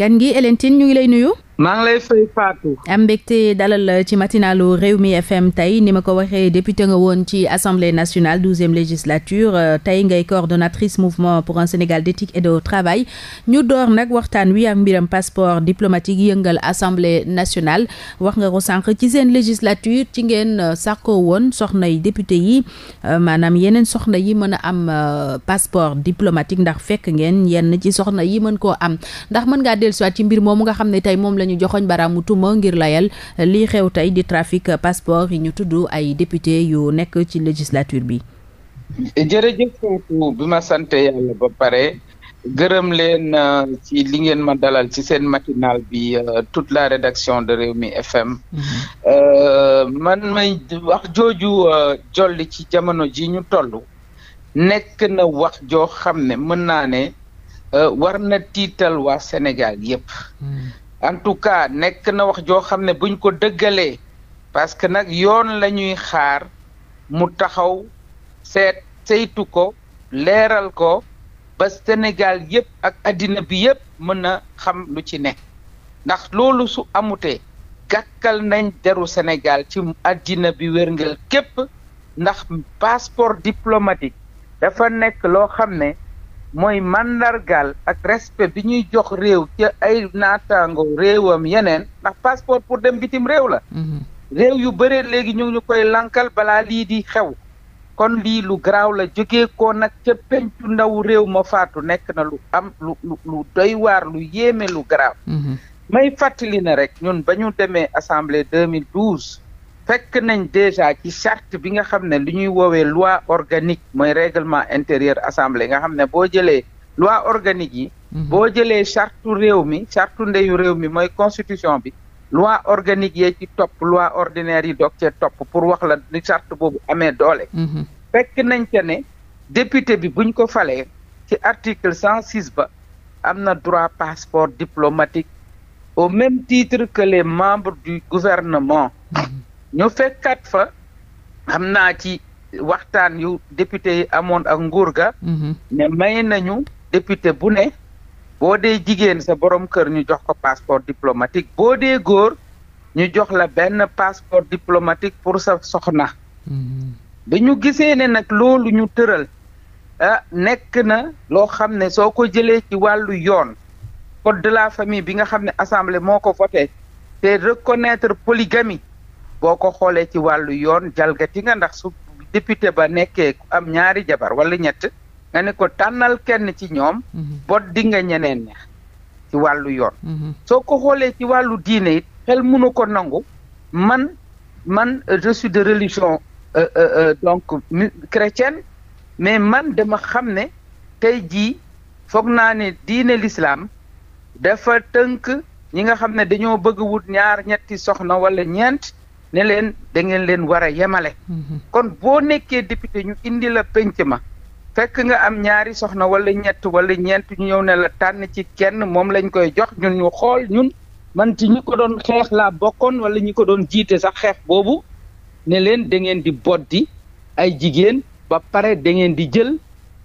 gan gi Hélène ñu ngi lay nuyu maa ngi lay fay Fatou. am mbégte dalal ci matinalu Rewmi FM tey ni ma ko waxee député nga woon ci assemblée nationale douzième législature euh, tey ngay coordonnatrice mouvement pour un Sénégal d'éthique et de travail ñu door nag waxtaan wi ak mbiram passeport diplomatique yëngal assemblée nationale wax nga ko sànq ci seen législature ci ngeen euh, sàkkoo woon soxna yi député yi euh, maanaam yeneen soxna yi mën a am passeport diplomatique ndax fekk ngeen yenn ci soxna yi mën koo am ndax mën ngaa dellusiwaat ci mbir la ñu joxoñ baraamu tuma ngir layal eh, lii xew tey di trafic passeport yi ñu tudd ay député yu nekk ci législature bi. jërëjëf bi ma sant yàlla ba pare gërëm leen eh, ci li ngeen ma dalal ci seen matinal bi eh, toute la rédaction de Rewmi FM mhm. man may wax jooju jolli ci jamono ji ñu toll nekk na wax joo xam ne mën naa ne war na tiital waa Sénégal yépp mhm. en tout nekk na wax joo xam ne buñ ko dëggalee parce que nag yoon la ñuy xaar mu taxaw seet saytu ko leeral ko ba Sénégal yëpp ak àddina bi yëpp mën na xam lu ci ne ndax loolu su amutee gàkkal nañ deru Sénégal ci àddina bi wérngel képp ndax passeport diplomatique dafa nekk loo xam ne mooy mandargal ak respect bi ñuy jox réew ca ay naataango réewam yeneen ndax passeport pour dem bitim réew la mhm. réew yu bëree léegi ñu ñu koy lankal balaa lii di xew kon lii lu garaaw la jege ko nag ca pencu ndaw réew ma faatu nekk na lu am lu lu doy waar lu yéeme lu garaaw mhm. may fàttali na rek ñun ba ñu demee assemblée 2012 fekk nañ déjà ci charte bi nga xam ne lu ñuy woowee loi organique mooy réglement intérieur assemblée nga xam ne boo jëlee loi organique yi mhm. boo jëlee charte réew mi charte ndeyu réew mi mooy constitution bi loi organique yee ci topp loi ordinaire yi doog cee topp pour wax la ni charte boobu amee doole mhm. fekk nañ ca ne député bi buñ ko falee ci article cent six ba am na droit passeport diplomatique au même titre que membre membres du gouvernement mhm. ñu fekkaat fa xam naa ci waxtaan yu député yi amoon ak nguur ga mhm. ne may nañu député bu ne boo de jigéen sa borom kër ñu jox ko passeport diplomatique boo de góor ñu jox la benn passeport diplomatique pour sa soxna mhm. bi ñu gisee ne nag loolu ñu tëral ah, nekk na loo xam ne soo ko jëlee ci wàllu yoon code de la famille bi nga xam ne assemblée moo ko voté te reconnaître polygamie boo ko xoolee ci wàllu yoon jalgati nga ndax su député ba nekkee am ñaari jabar wala ñett nga ne ko tànnal kenn ci ñoom mhm. bot di nga ñeneen ña ci wàllu yoon mhm. soo ko xoolee ci wàllu diine it xel mënu ko nangu man man euh, je suis de religion euh, euh, euh donc chrétienne mais man dema xam ne tey ji foog naa ne diine l'islam dafa tënk ñi nga xam ne dañoo bëgg wut ñaar ñetti soxna wala ñeent ne leen da ngeen leen war a yemale. Mhm. kon boo nekkee député ñu indi la penc ma. fekk nga am ñaari soxna wala ñett wala ñeent ñu ñëw ne la tànn ci kenn moom lañ koy jox ñu ñu xool ñun man ci ñi ko doon xeex laa bokkoon wala ñu ko doon jiite sax xeex boobu ne leen da ngeen di boddi ay jigéen ba pare da di jël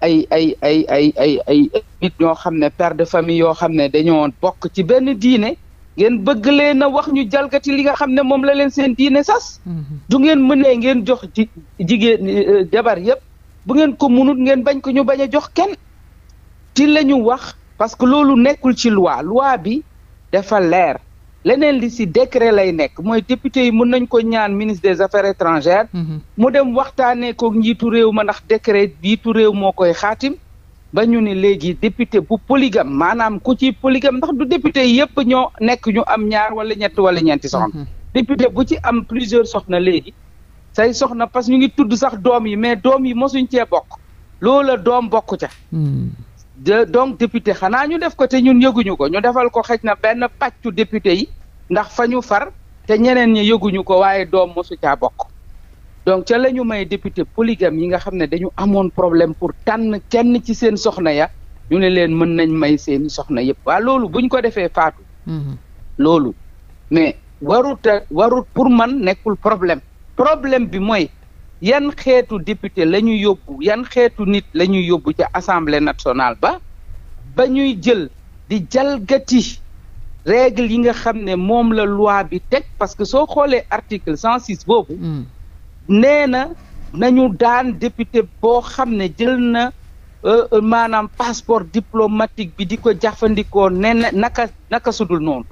ay ay ay ay ay ay nit ñoo xam ne père de famille yoo xam ne dañoo bokk ci benn diine ngeen bëgg leen a wax ñu jalgati li nga xam ne moom la leen seen diine sas mhm. du ngeen mënee ngeen jox ji jigéen eh, jabar yépp bu ngeen ko munut ngeen bañ ko ñu bañ a jox kenn ci la ñu wax parce que loolu nekkul ci loi loi bi defa leer leneen li si décret lay nekk mooy député yi mën nañ ko ñaan ministre des affaires étrangères mhm. mu dem waxtaanee ko njiitu réew ma ndax décret njiitu réew moo koy xaatim ba ñu ne léegi député bu polygame maanaam ku ci polygame ndax du député yépp ñoo nekk ñu am ñaar wala ñett wala ñeenti soxna. Mm-hmm. député bu ci am plusieurs soxna léegi say soxna parce que ñu ngi tudd sax doom yi mais doom yi mosuñ cee bokk loola doom bokk ca. Mm-hmm. de donc député xanaa ñu def ko te ñun yëguñu ko ñu defal ko xëj na benn pàccu député yi ndax fa ñu far te ñeneen ñi yëguñu ko waaye doom mosu caa bokk. donc ca la ñu may député polygame yi nga xam ne dañu amoon problème pour tànn kenn ci seen soxna ya ñu ne leen mën nañ may seen soxna yëpp waa loolu buñ ko defee faatu mhm. loolu mais warut a warut pour man nekkul problème problème bi mooy yan xeetu député la ñu yóbbu yan xeetu nit la ñuy yóbbu ca assemblée nationale ba ba ñuy jël di jalgati règle yi nga xam ne moom la loi bi teg parce que soo xoolee article cent six boobu mm. nee na nañu daan député boo xam ne jël na euh, euh, maanaam passeport diplomatique bi di ko jafandikoo nee na naka naka sudul noonu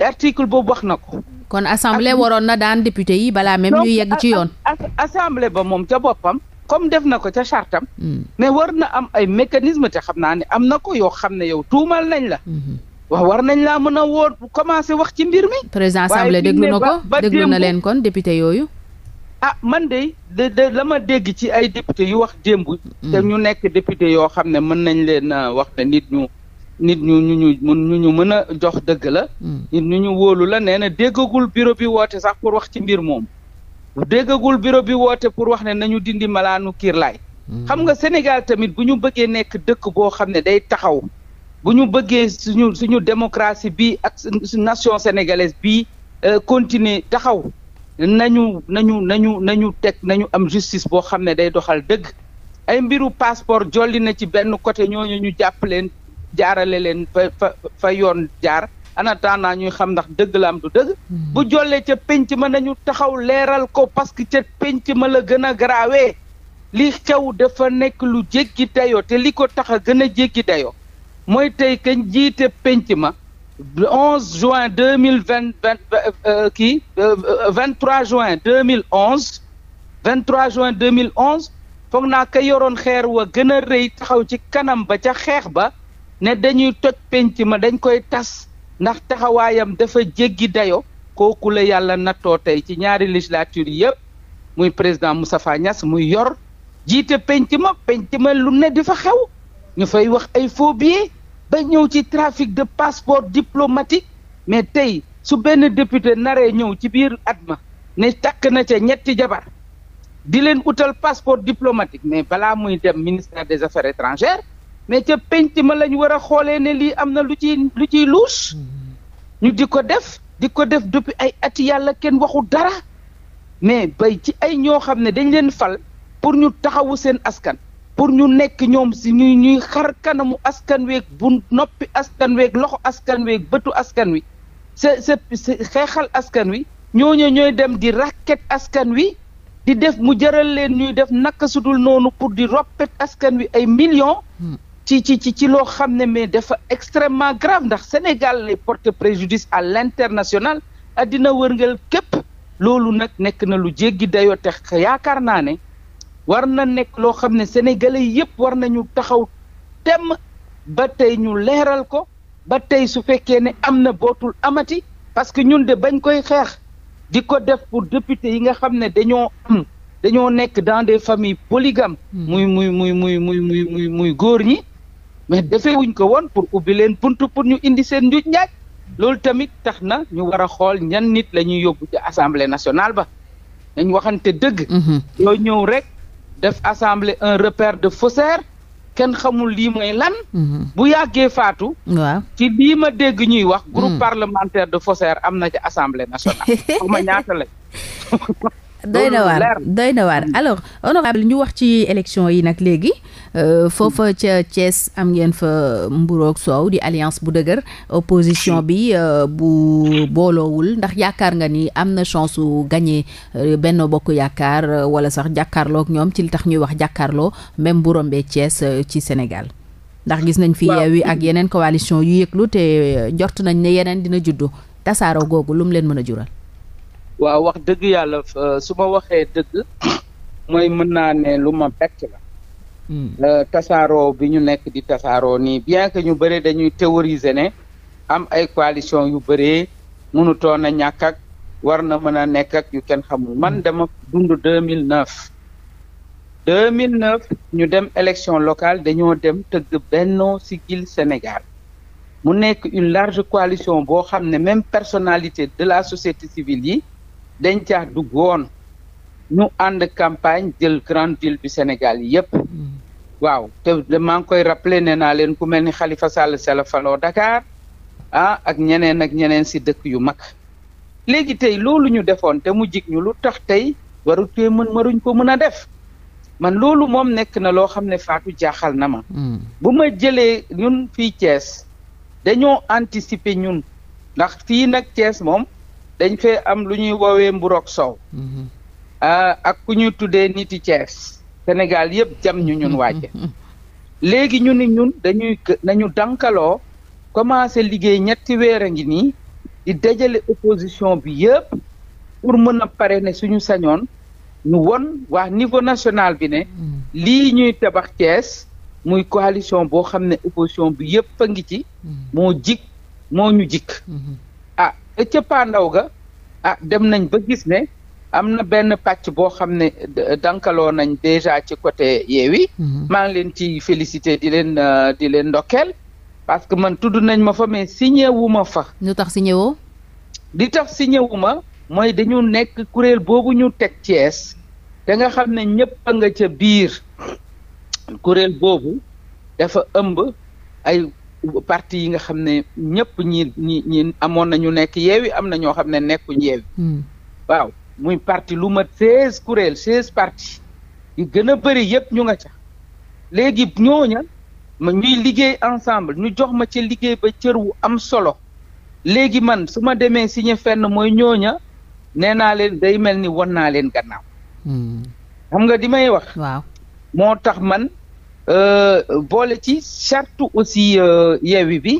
article boobu wax na ko. kon assemblée waroon na daan député yi balaa même ñu yegg ci yoon. assemblée ba moom ca boppam. comme def na ko ca chartam mais hmm. war na am ay mécanisme te xam naa ne am na ko yoo xam ne yow tuumal nañ la. Hmm. waaw war nañ laa mën a woo commencé wax ci mbir mi. président assemblée déglu na ko déglu na leen kon député yooyu. ah man de de dégg ci ay député yu wax démb. Hmm. te ñu nekk député yoo xam ne mën nañ leen wax ne nit ñu nit ñu ñu ñu mën a jox dëgg la. Hmm. nit ñu ñu wóolu la nee na déggagul bureau bi woote sax pour wax ci mbir moom. déggagul bureau bi woote pour wax ne nañu dindi malaanu kiirlaay. Hmm. xam nga Sénégal tamit bu ñu bëggee nekk dëkk boo xam ne day taxaw. bu ñu bëggee suñu suñu démocratie bi ak nation sénégalaise bi euh, continuer taxaw. nañu nañu nañu nañu teg nañu am justice boo xam ne day doxal dëgg ay mbiru passeport jolli na ci benn côté ñooñu ñu jàpp leen jaarale leen fa fa fa yoon jaar en attendant ñuy xam ndax dëgg la am du dëgg. Hmm. bu jollee ca penc ma nañu taxaw leeral ko parce que ca penc ma la gën a garaawee li xew dafa nekk lu jéggi dayoo te li ko tax a gën a jéggi dayoo mooy tey kañ jiite penc ma. le 11 juin mille 20 euh, euh, kii 23 euh, juin 2011 23 juin 2011 foog naa ka yoroon xeer wa gën a rëy taxaw ci kanam ba ca xeex ba ne dañuy toj penc ma dañ koy tas ndax taxawaayam dafa jéggi dayo kooku la yàlla nattoo tey ci ñaari législature yëpp muy président Moustapha Niass muy yor jiite penc ma penc lu ne di xew ñu fay wax ay faux ba ñëw ci trafic de passeport diplomatique mais tey su benn député naree ñëw ci biir at ma ne takk na ca ñetti jabar di leen utal passeport diplomatique mais balaa muy dem ministère des affaires étrangères mais ca penc ma lañ war a xoolee ne lii am na lu ciy lu ciy luus mm-hmm. ñu di ko def di ko def depuis ay ati yàlla kenn waxu dara mais bay ci ay ñoo xam ne dañ leen fal pour ñu taxawu seen askan pour ñu nekk ñoom si ñuy ñuy xar kanamu askan week bu noppi askan week loxo askan week bëtu askan wi seexal askan wi ñooñu ñooy dem di racket askan wi di def mu jëral leen ñuy def naka sudul noonu pour di roppet askan wi ay millions. Hmm. ci ci ci ci loo xam ne mais dafa extrêmement grave ndax Sénégal lay porter préjudice à l'international addina wërngal képp loolu nag nekk na lu jéggi dayoo te yaakaar naa ne war na nekk loo xam ne sénégalais yépp war nañu taxaw temm ba tey ñu leeral ko ba tey su fekkee ne am na bootul amati parce que ñun de bañ koy xeex di ko def pour député yi nga xam ne dañoo am dañoo nekk dans des familles polygames hmm. muy muy muy muy muy muy muy muy góor ñi mais defewuñ ko woon pour ubbi leen bunt pour ñu indi seen njuuj njaag loolu tamit tax na ñu war a xool ñan nit la ñuy yóbbu ci assemblée nationale ba dañ waxante dëgg yoo hmm. ñëw rek def assemblée un repère de faussaires kenn xamul lii mooy lan. Mhm. bu yàggee faatu. ci lii ma dégg ñuy wax. groupe mhm. parlementaire de faussaires am na ci assemblée nationale. xaw ma ñaata lañ. doy na waar doy na waar hmm. alors honorable ñu wax ci élection yi nag léegi euh, foofa ca cees am ngeen fa mburook soow di alliance bu dëgër opposition bi euh, bu booloowul ndax yaakaar nga ni am na chance su gagné euh, benn Bokk Yaakaar wala sax jàkkaarloog ñoom ci li tax ñuy wax jàkkaarloo même bu rombee Thiès ci Sénégal ndax gis nañ fi yi ak yeneen coalition yu yëglu te jort nañ ne yeneen dina juddu tasaaro googu lu leen mën a jural waaw wax dëgg yàlla euh, su ma waxee dëgg mooy mën naa ne lu ma bett la hmm. tasaaroo bi ñu nekk di tasaaroo nii bien que ñu bëri dañuy théoriser ne am ay coalition yu bëree mënutoon a ñàkk ak war na mën a nekk ak yu kenn xamu man dem hmm. dama dund 2009 2009 ñu dem élection locale dañoo dem tëgg Benno Siggil Sénégal mu nekk une large coalition boo xam ne même personnalité de la société civile yi dañ caa dugg woon ñu ànd campagne jël grande ville du Sénégal yépp mm. waaw te maa ngi koy rappelé nee naa leen ku mel ni Khalifa Sall sala faloo Dakar ah ak ñeneen ak ñeneen si dëkk yu mag léegi tey loolu ñu defoon te mu jig ñu lu tax tey waru tee mën maruñ ko mën a def man loolu moom nekk na loo xam ne faatu jaaxal na ma mm. bu ma jëlee ñun fii Thiès dañoo anticiper ñun ndax fii nag cees moom dañ fee am lu ñuy woowee mburok sow mhm. ah, ak ku ñu tuddee niti Thiès Sénégal yëpp jam ñu ñun wàcce mhm. Mhm. léegi ñu ni ñun dañuy nañu dankaloo commencé liggéey ñetti weer a ngi nii di dajale opposition bi yëpp pour mën a pare ne suñu sañoon ñu won wax niveau national bi ne lii ñuy tabax Thiès muy coalition boo xam ne opposition bi yëpp a ngi ci moo jik moo ñu jikk te cëppaandaw ga ah dem nañ ba gis ne am na benn pàcc boo xam ne dankaloo nañ déjà ci côté Yewwi mhm. maa ngi leen ci félicité di leen euh, di leen ndokkeel parce que man tudd nañ ma fa mais signé wu ma fa lu tax signé woo di tax signé wu ma mooy dañu nekk kuréel boobu ñu teg Thiès te nga xam ne ñëpp a nga ca biir kuréel boobu dafa ëmb ay partie yi nga xam ne ñëpp ñi ñi ñi amoon nañu nekk yeewi am na ñoo xam ne nekkuñ yeewi hmm. waaw muy parti lu mat seize kuréel seize parti yu gën a bëri yëpp ñu nga ca léegi ñooña ma ñuy liggéey ensemble ñu jox ma ca liggéey ba cër wu am solo léegi man su ma demee signé fenn mooy ñooña nee naa leen day mel ni won naa leen gannaaw hmm. xam nga di may wax waaw moo tax man Euh, boole ci charte aussi euh, Yewwi bi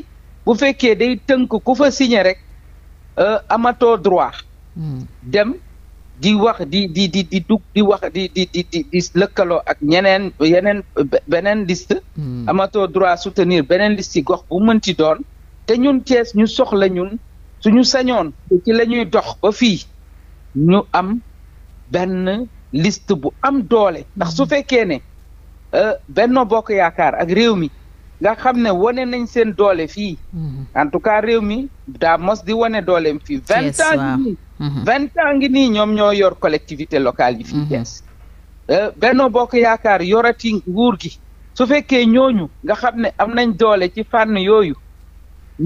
bu fekkee day tënk ku fa signé rek euh, amato droit hmm. dem di wax di di di dug di wax di di di lëkkaloo ak ñeneen yeneen beneen liste hmm. amato droit soutenir beneen liste yi gox bu mënti doon te ñun Thiès ñu soxla ñun suñu sañoon ci la ñuy dox ba fii ñu am benn liste bu am doole ndax su hmm. fekkee ne Euh, Benno Bokk Yaakaar ak réew mi nga xam ne wane nañ seen doole fii mhm. en tout cas réew mi daa mos di wane dooleem fii mhm. vingt ans ngi nii nii ñoom ñoo yor collectivité locale yi fii mhm. Thiès euh, Benno Bokk Yaakaar yorati nguur gi su fekkee ñooñu nga xam ne am nañ doole ci fànn yooyu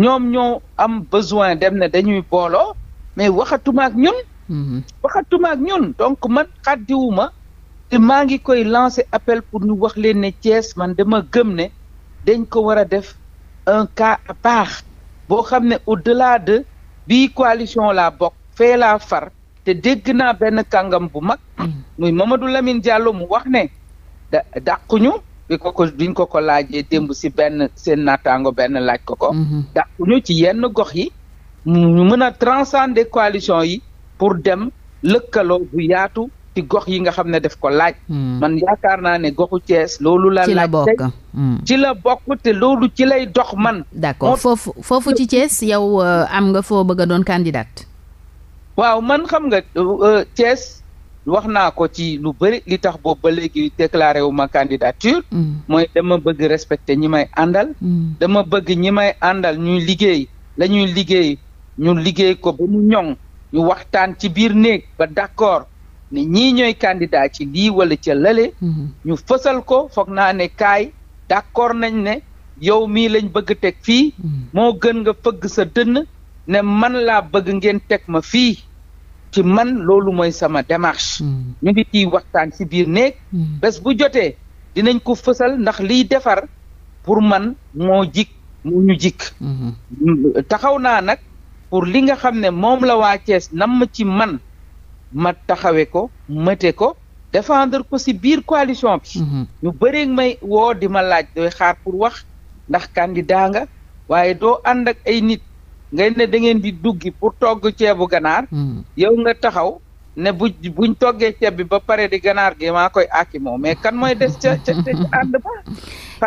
ñoom ñoo am besoin dem ne dañuy booloo mais waxatuma ak ñun waxatuma ak ñun donc man xàddiwuma maa ngi koy lancer appel pour ñu wax leen ne Thiès man dama gëm ne dañ ko war a def un cas à part boo xam ne au-delà de bii coalition la bokk fee laa far te dégg naa benn kàngam bu mag muy Mamadou Lamine Diallo mu wax ne da dàquñu bi ko ko biñ ko ko laajee démb si benn seen naataango benn laaj ko ko mhm. dàquñu ci yenn gox yi ñu mën a transcender coalition yi pour dem lëkkaloo bu yaatu ci gox yi nga xam ne def ko laaj. Hmm. man yaakaar naa ne goxu Thiès loolu laa ci la bokk hmm. ci la bokk te loolu ci lay dox man. d'accord foofu foofu ci Thiès yow euh, am nga foo bëgg a doon candidate. waaw man xam nga euh, Thiès wax naa ko ci lu bëri li tax boobu ba léegi déclaré wu ma candidature. Hmm. mooy dama bëgg respecter ñi may àndal. dama bëgg ñi may àndal ñuy liggéey la liggéey ñu liggéey ko ba mu ñoŋ ñu waxtaan ci biir néeg ba d'accord. ne ñii ñooy candidat ci lii wala ca lële. Mhm. ñu fësal ko foog naa ne kaay d'accord nañ ne yow mii lañ bëgg teg fii. Mhm. moo gën nga fëgg sa dënn ne man laa bëgg ngeen teg ma fii. ci man loolu mooy sama démarche. Mhm. ñu ngi ciy waxtaan ci biir néeg. bés bu jotee dinañ ko fësal ndax liy defar pour man moo jik naa nag pour li nga xam ne moom la waa Thiès namm ci man. ma taxawee ko mëte ko defendre ko ci biir coalition bi. Mhm. ñu bëri may woo di ma laaj doy xaar pour wax ndax candidat nga waaye doo ànd ak ay nit ngay ne da ngeen di duggi pour togg ceebu ganaar. Mhm. yow nga taxaw ne bu buñ toggee ceeb bi ba pare di ganaar gi maa koy àkki moom mais kan mooy des ca ca ca ànd ba.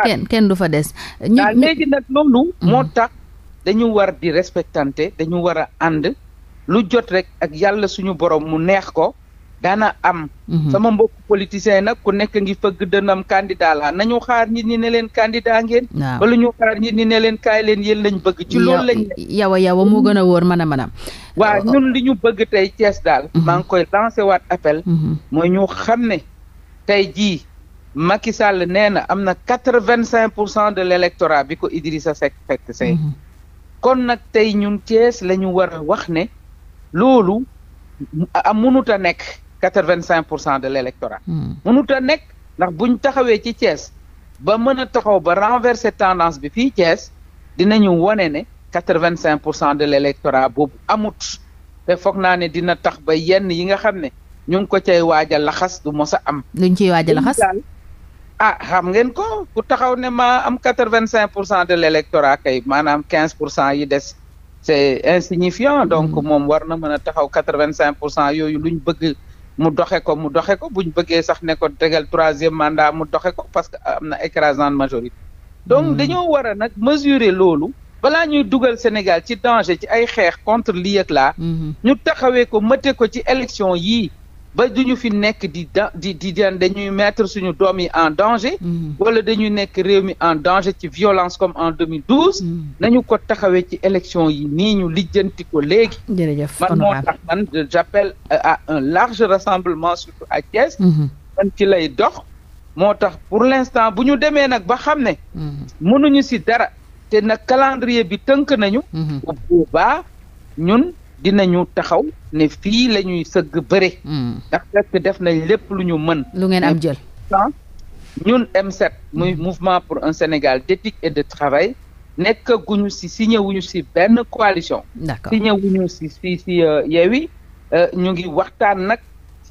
kenn kenn du fa des. ñu léegi nag loolu. Mhm. moo tax dañu war di respectante dañu war a ànd. lu jot rek ak yàlla suñu borom mu neex ko dana am. Mhm. sama mbokk politiciens nag ku nekk ngi fëgg dënam candidat la nañu xaar nit ñi ne leen candidat ngeen. waaw wala ñu xaar nit ñi ne leen kaay leen yéen lañ bëgg. ci loolu lañ yawa yawa moo gën a wóor mën a mën a. waaw ñun li ñu bëgg tey Thiès daal. Mhm. maa ngi koy lancé waat appel. Mhm. mooy ñu xam ne tey jii. Macky Sall nee na am na quatre vingt cinq pour cent de l' bi ko Idrissa Seck fekk say. kon nag tey ñun Thiès la ñu war a wax ne. loolu am mënut a nekk quatre-vingt-cinq pour cent de l'électorat mënut hmm. a nekk ndax buñ taxawee ci Thiès ba mën a taxaw ba renverser tendance bi fii Thiès dinañu wane ne quatre-vingt-cinq pour cent de l'électorat boobu amut te foog naa ne dina tax ba yenn yi nga xam ne ñu ngi ko cay waaja laxas du mos a am. luñ ciy waaj a laxas ah xam ngeen ko ku taxaw ne maa am quatre-vingt-cinq pour cent de l'électorat kay maanaam quinze pour cent yi des. c'est insignifiant donc mm-hmm. moom war na mën a taxaw quatre-vingt-cinq pour cent yooyu luñ bëgg mu doxe ko mu doxe ko buñ bëggee sax ne ko tegal troisième mandat mu doxe ko parce que am na écrasante majorité donc mm-hmm. dañoo war a nag mesurer loolu balaa ñuy dugal Sénégal ci danger ci ay xeex contre lii la mm-hmm. ñu taxawee ko mate ko ci élection yii ba du ñu fi nekk di da di di dañuy mettre suñu doom yi en danger. Mm. wala dañuy nekk réew mi en danger ci violence comme en 2012. Mm. nañu ko taxawee ci élection yi nii ñu lijjanti ko léegi. jërëjëf man moo tax man j'appelle à un large rassemblement surtout à mm-hmm. man ci lay dox. moo tax pour l'instant bu ñu demee nag ba xam ne. Mm-hmm. mënuñu ci dara te nag calendrier bi tënk nañu. Mm-hmm. bu boobaa ñun. dina dinañu taxaw ne fii la ñuy sëgg bëre. Hmm. ndax fekk def nañ lépp lu ñu mën. lu ngeen am jël. ñun M7 muy hmm. mouvement pour un Sénégal d'éthique et de travail nekk guñu si signé wuñu si benn coalition. d'accord signé wuñu si si si euh, Yewwi euh, ñu ngi waxtaan nag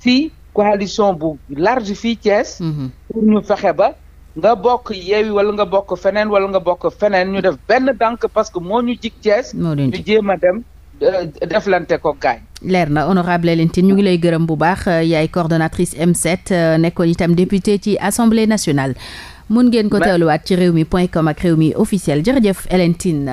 si coalition bu large fii Thiès. Hmm. pour ñu fexe ba nga bokk Yewwi wala nga bokk feneen wala nga bokk feneen ñu def benn dànk parce que moo ñu jig Thiès. ñu jéem a dem. Euh, deflante ko gaañ. leer na honorable Hélène Tine ñu ngi lay gërëm bu baax euh, yaay coordonnatrice M7 euh, nekkoon itam député ci assemblée nationale mun ngeen ko teewluwaat ci réew mi point com ak réew mi officiel jërëjëf Hélène